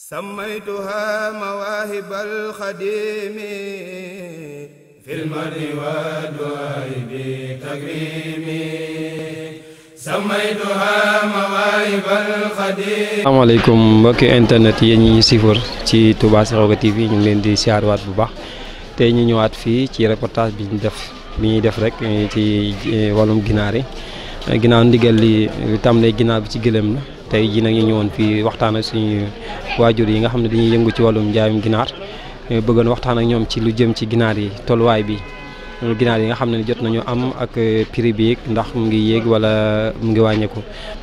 سميتها مواهب الخديم في mbokki internet yéen ñi siifar ci Touba Sekhawgui TV ñu ngi leen di siyaarwaat bu baax te ñu ñëwaat fii ci reportage bi ñu def bi ñuy def rek eh, ci eh, wàllum ginaar yi eh, ginnaaw ndigal li tam ne ginnaaw bi ci gëlëm la tey jii nag ñu ñëwoon fii waxtaan ak suñu waajur yi nga xam ne dañuy yëngu ci wàllum njaayum ginaar bëggoon waxtaan ak ñoom ci lu jëm ci ginaar yi tolluwaay bi ginaar yi nga xam ne jot nañu am ak prix bi ndax mu ngi yéeg wala mu ngi wàññeeku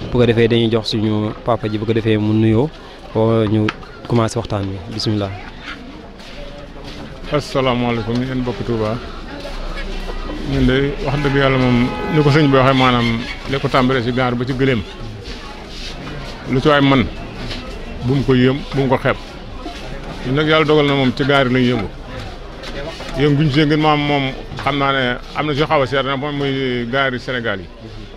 bu ko defee dañuy jox suñu papa ji bu defee mu nuyoo ñu commencé waxtaan bi bisimilah. asalaamaaleykum yéen bokk Touba ñun de wax dëgg yàlla moom ni ko sëñ bi waxee maanaam li ko tàmbalee si ginaar ci gëléem. lu ci waay man bu ko yëm bu mu ko xeeb ñun nag yàlla dogal na moom ci gaari lañu yëngu yëngu guñ ci yëngu maam moom xam naa ne am na si xaw a seer na moom mooy gaari Sénégal yi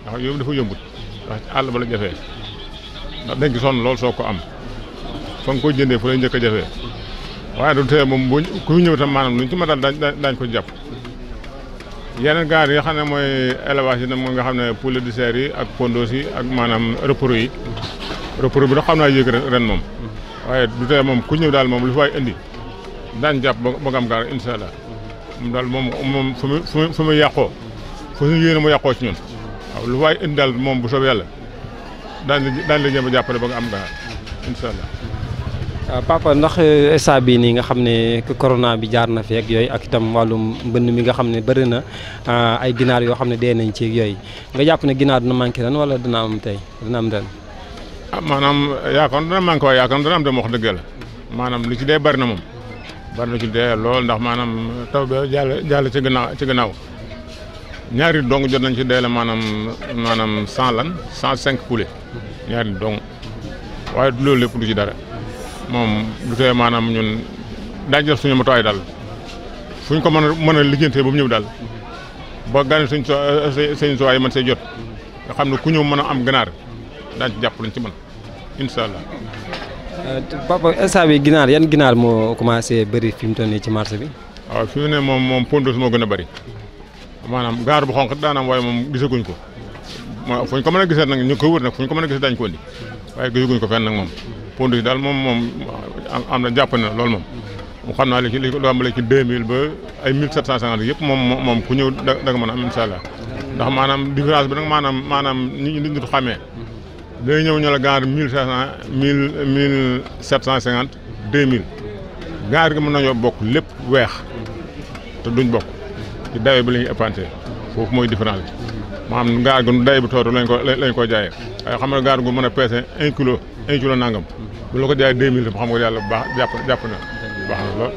ndax yóbbu dafa yëmbut ndax àll ba la jafee ndax dañ ko loolu soo ko am fa nga ko jëndee fu lay njëkk a jafee waaye du tee moom bu ku ñëw tam maanaam luñ ci ma daal daañ ko jàpp yeneen gaar yi xam ne mooy élevage yi nag moom nga xam ne poulet de serre yi ak pondos yi ak maanaam repro yi rapport bi nag xam naa yéeg ren moom waaye du tee moom ku ñëw daal moom lu fa waay indi daan jàpp ba nga am gaar incha moom daal moom moom fu mu fu mu yàqoo fu ñu yéene mu yàqoo ci ñun waaw lu moom bu soobee yàlla daan daan la jéem a ba nga am euh, ndax euh, instant bii nii nga xam ne corona bi jaar na fi ak yooyu ak itam wàllum mbënn mi nga xam ne bëri na euh, ay ginaar yoo xam ne dee nañ ci yooyu nga jàpp ne ginaar dina manqué ren wala dina am tey dina am ren. ah maanaam yaakaar dana manqué waaye yaakaar dana am dem wax dëgg la maanaam lu ci dee bari na moom bari na ci dee lool ndax maanaam taw bi jàll jàll ci gannaaw ci gannaaw ñaari dong jot nañ ci dee la maanaam maanaam cent lan cent cinq poulet ñaari dong waaye du loolu lépp du ci dara moom du tee maanaam ñun daañu def suñu matuwaay daal fu ñu ko mën a mën a liggéeyanteel ba mu ñëw daal ba gànnaar suñ soo suñ soo man see jot nga xam ne ku ñëw mën a am ganaar daañu ci jàpp ci allah. Euh, papa instant ginar, yan ginar moo commencé bëri fi mu toll ci marché bi. waaw fi ne moom moom pondos moo gën a bëri maanaam gaar bu xonq daanaam waaye moom gisaguñ ko ma fu ñu ko mën a gisee nag ñu ko wër nag fu ñu ko mën a gisee daañu ko indi waaye gisaguñ ko fenn nag moom pondos yi daal moom moom am na na li ci li ci ba ay mille sept cent cinquante ku ñëw da nga mën am incha allah ndax maanaam différence bi nag maanaam maanaam ñi nit day ñëw ñu la gaar mille cinq cent mille mille sept cent cinquante deux mille gaar gi mën nañoo bokk lépp weex te duñ bokk ci bi la ñuy ëppante foofu mooy différence bi maanaam gaar gu dawe bi tootu lañ ko lañ ko jaaye waaye xam nga gaar gu mën a peese un kilo un kilo nangam bu la ko jaayee deux mille xam nga yàlla bu baax jàpp jàpp na baax na lool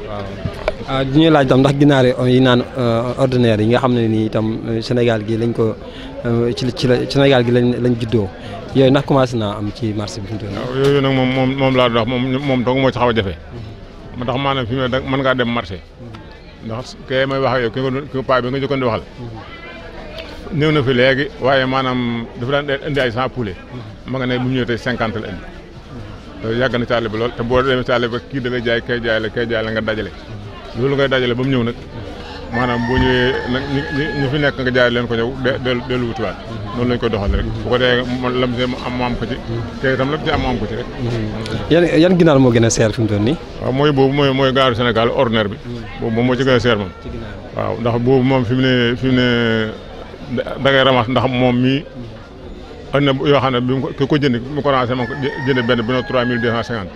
waaw ah, di ñuy laaj tam ndax ginaar yi naan euh, ordinaire yi nga xam ne nii itam euh, Sénégal gi lañ ko euh, ci ci Sénégal gi lañ lañ juddoo yooyu ndax commencé na am ci marché bi fi mu yooyu nag moom moom moom laa doon moom moom dong moo ci xaw a jafe. ma mhm. tax maanaam mën ngaa dem marché. Mhm. ndax kay may wax ak yow ki nga ko paa bi nga jëkkoon di waxal. Mhm. néew na fi léegi waaye maanaam dafa daan indi ay cent poulet. ma nga ne bu ñu ñëwee tey cinquante la indi. yàgg na ci àll bi lool te boo demee ci àll ba kii da lay jaay kay jaay la kay jaay la nga dajale. loolu ngay dajale ba mu ñëw nag maanaam boo ñëwee nag ñu fi nekk nga jaay leen ko ñëw dellu wutiwaat noonu lañ koy doxal rek bu ko dee lam see am am ko ci te itam lam see am rek yan yan ginaar moo gën a seer fi mu doon nii waaw mooy boobu mooy mooy gaaru Sénégal ordinaire bi boobu moom moo ci gën a seer moom waaw ndax boobu moom fi mu ne fi mu ne da ngay ndax moom mii am na yoo xam ne bi mu ko jënd bi mu ko rancé moom ko jënd benn bi no trois mille deux cent cinquante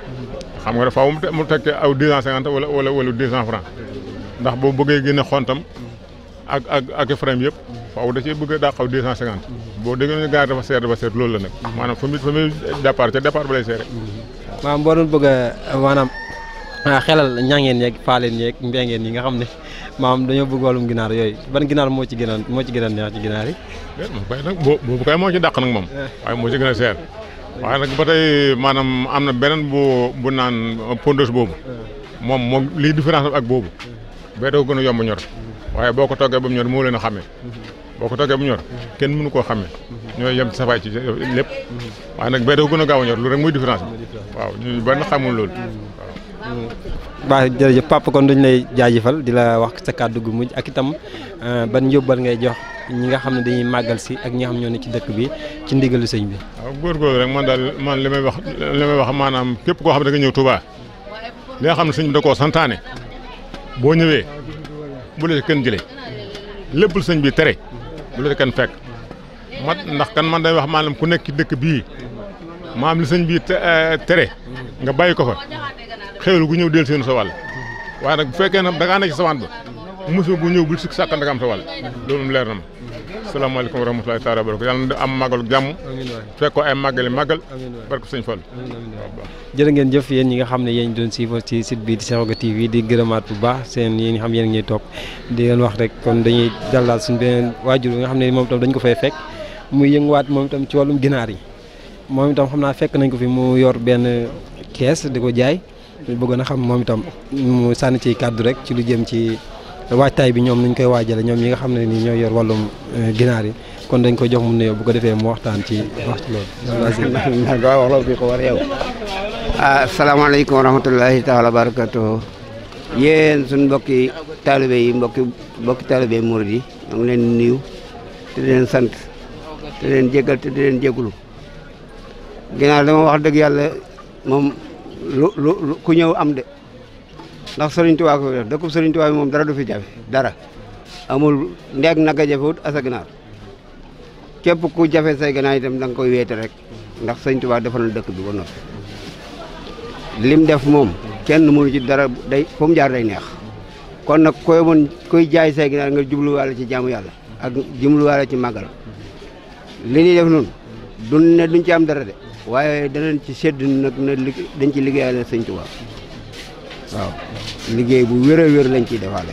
xam nga dafa aw mu tekke aw 250 wala wala wala 200 francs ndax bo bëggee gëna xontam ak ak ak frame yëpp faaw da ci bëgg da xaw 250 bo cinquante boo déggee gaar dafa sét dafa sét loolu la nag manam fami fami départ ci départ balay séré manam bo doon bëgg manam maanaam ah, xelal ñangeen yeeg faaleen yeeg mbengeen yi nga xam manam dañu bëgg walum ginaar yoy ban ginaar mo ci gënal mo ci gënal ñaar ci ginaar yi. déet moom kay nag ci dakk nak mom eh. way mo ci gëna sét waaye nag ba tey maanaam am na beneen bu bu naan euh, pondeuse boobu. moom moo lii différence ak boobu. bee doo gën a yomb ñor. waaye boo ko toggee ba mu ñor moo leen a xàmmee. boo ko toggee bu mu ñor kenn mënu koo xàmmee. ñooy yem ci safaay ci lépp. waaye nag bee doo gën a gaaw ñor lu rek muy différence bi. waaw ñu benn xamul loolu. waaw pàpp papa kon duñ lay jaajëfal di la wax sa kàddu gu mujj ak itam euh, ban yóbbal ngay jox. ñi nga xam ne dañuy màggal si ak ñi xam ñoo ne ci dëkk bi ci ndigalu sëñ bi. waaw góorgóorlu rek man daal man li may wax li maanaam képp koo xam ne da nga ñëw Touba li xam ne sëñ bi da koo santaane boo ñëwee bu la si kenn jëlee lépp lu sëñ bi tere bu la si kenn fekk mat ndax kan man day wax maanaam ku nekk ci dëkk bii maam li sëñ bi eh, tere nga bàyyi ko fa xéwlu gu ñëw del seen sa wàll waaye nag bu fekkee ne da nekk ci sawaan ba. musu gu ñëw bul sikk sàkk ndagam sa wàll loolu moom leer na ma salaamaaleykum wa rahmatulahi taala baraka yàlla na am màggal jàmm fekk ko ay màggali màggal barke sëñ Fall jërë ngeen jëf yéen ñi nga xam ne yéen doon suivre ci site bi di Sekhawgui TV di gërëmaat bu baax seen yéen xam yéen ñuy toog di leen wax rek kon dañuy dallaal suñu beneen waajur nga xam ne moom itam dañ ko fay fekk muy yënguwaat moom itam ci wàllum ginaar yi moom itam xam naa fekk nañ ko fi mu yor benn kees di ko jaay ñu bëggoon xam moom itam mu sànni ci kàddu rek ci lu jëm ci waajtaay bi ñoom nuñ koy waajale ñoom ñi nga xam ne nii ñoo yor wàllum eh, ginaar kon dañ ko jox mu nuyoo bu ko defee mu waxtaan ci wax ci loolu. waaw wax loolu ko war yow. Ah, asalaamaaleykum wa rahmatulahi taala barakatuh yéen suñ mbokki taalibe yi mbokki mbokki taalibe murid yi ma leen di nuyu te di leen sant te di leen jégal te di ginaar dama wax dëgg yàlla moom ku ñëw am de. ndax Serigne Touba ko def dëkkub Serigne Touba moom dara du fi jafe dara amul ndeeg naka jafewut asa ganaar képp ku jafe say ganaar itam da nga koy weete rek ndax Serigne Touba defal dëkk bi ba noppi lim def moom kenn mënu ci dara day fu mu jaar day neex kon nag koy mën koy jaay say ganaar nga jubluwaale ci jaamu yàlla ak jubluwaale ci màggal li ñuy def noonu duñ ne ci am dara de waaye danañ ci sedd nag na dañ ci liggéeyal Sëñ Tuubaa waaw liggéey bu wér wéer wér lañ ciy defaale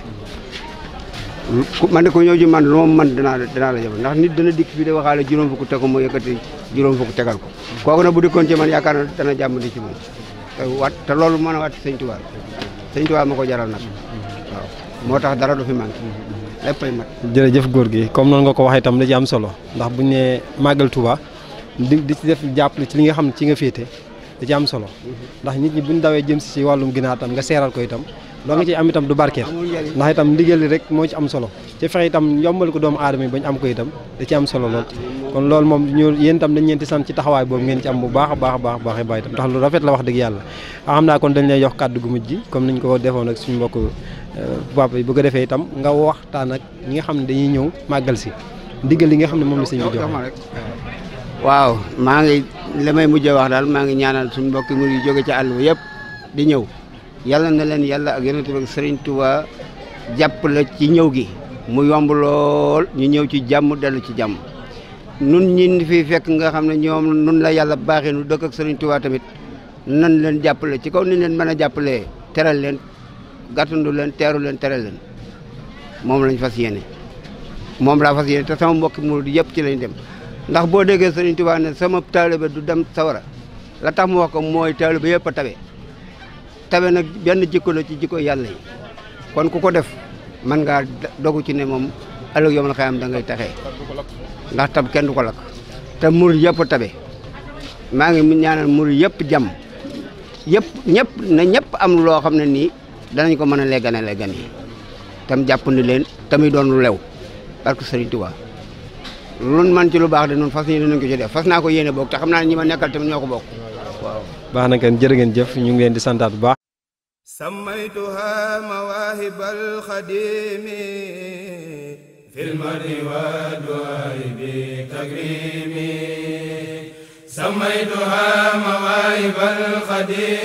man de ko ñëw ji man lu moom man danaa danaa la jëfal ndax nit dana dikk fii de waxaale juróom fukk tegu ma yëkkati juróom fukk tegal ko kooku nag bu dikkoon ci man yaakaar na dana jàmm di te loolu mën a wat sëñ Tuubaa sëñ Tuubaa ma ko jaral nag waaw moo tax dara du fi manqué léppay mat jërëjëf góor gi comme noonu nga ko waxee tam da ci am solo ndax bu ne màggal Tuubaa di di ci def jàppale ci li nga xam ne ci nga féete da am solo ndax nit ñi buñ dawee jëm si si wàllum ginaar tam ko itam loo nga ci am itam du barkeel ndax itam ndigal li rek moo ci am solo ci itam yombal ko doomu aadama yi bañ am ko itam da ci am solo lool kon loolu moom ñu yéen dañ leen di sant taxawaay boobu ngeen ci am bu baax baax baax baax baax itam ndax lu rafet la wax dëgg yàlla xam kon dañ lay jox kàddu gu mujj ji comme niñ ko defoon ak suñu mbokk euh, papa yi bu ko defee itam nga waxtaan ak ñi nga xam ne dañuy ñëw màggal si ndigal yi nga xam ne moom la sëñ bi jox waaw maa ngi li may mujjee wax daal maa ngi ñaanal suñ mbokki mur yu jóge ci àll bi yëpp di ñëw yàlla na leen yàlla ak yonent bi Sëriñ Tuubaa jàpp le ci ñëw gi mu yomb lool ñu ñëw ci jàmm dellu ci jàmm nun ñin fi fekk nga xam ne ñoom nun la yàlla baaxee nu dëkk ak Sëriñ Tuubaa tamit nan leen jàppale ci kaw ni leen mën a jàppalee teral leen gàttandu leen teeru leen teral leen moom lañ fas yéene moom laa fas yéene te sama mbokki murid yëpp ci lañ dem ndax boo déggee Sëriñ Tuubaa ne sama taalibe du dem sawara la tax mu wax ko mooy taalibe yëpp a tabe tabe nag benn jikko la ci jikko yàlla kon ku ko def man ngaa dogu ci ne moom ëllëg yom la xayam da ngay taxee ndax tab kenn du ko lakk te mur yëpp tabe maa ngi mu ñaanal mur yëpp jàmm yëpp ñëpp na ñëpp am loo xam ne nii danañ ko mën a leggane leggane yi tam jàpp ni leen tamuy doon lu lew parce que lun man ci lu baax de noonu fas yéene nañ ko ci def fas naa ko yene bokk te xam naa ne ñi ma nekkal tamit ñoo ko bokk waaw baax na kan jërë ngeen jëf ñu ngi leen di santaat bu baax سميتها مواهب الخديم في المرء والدعاء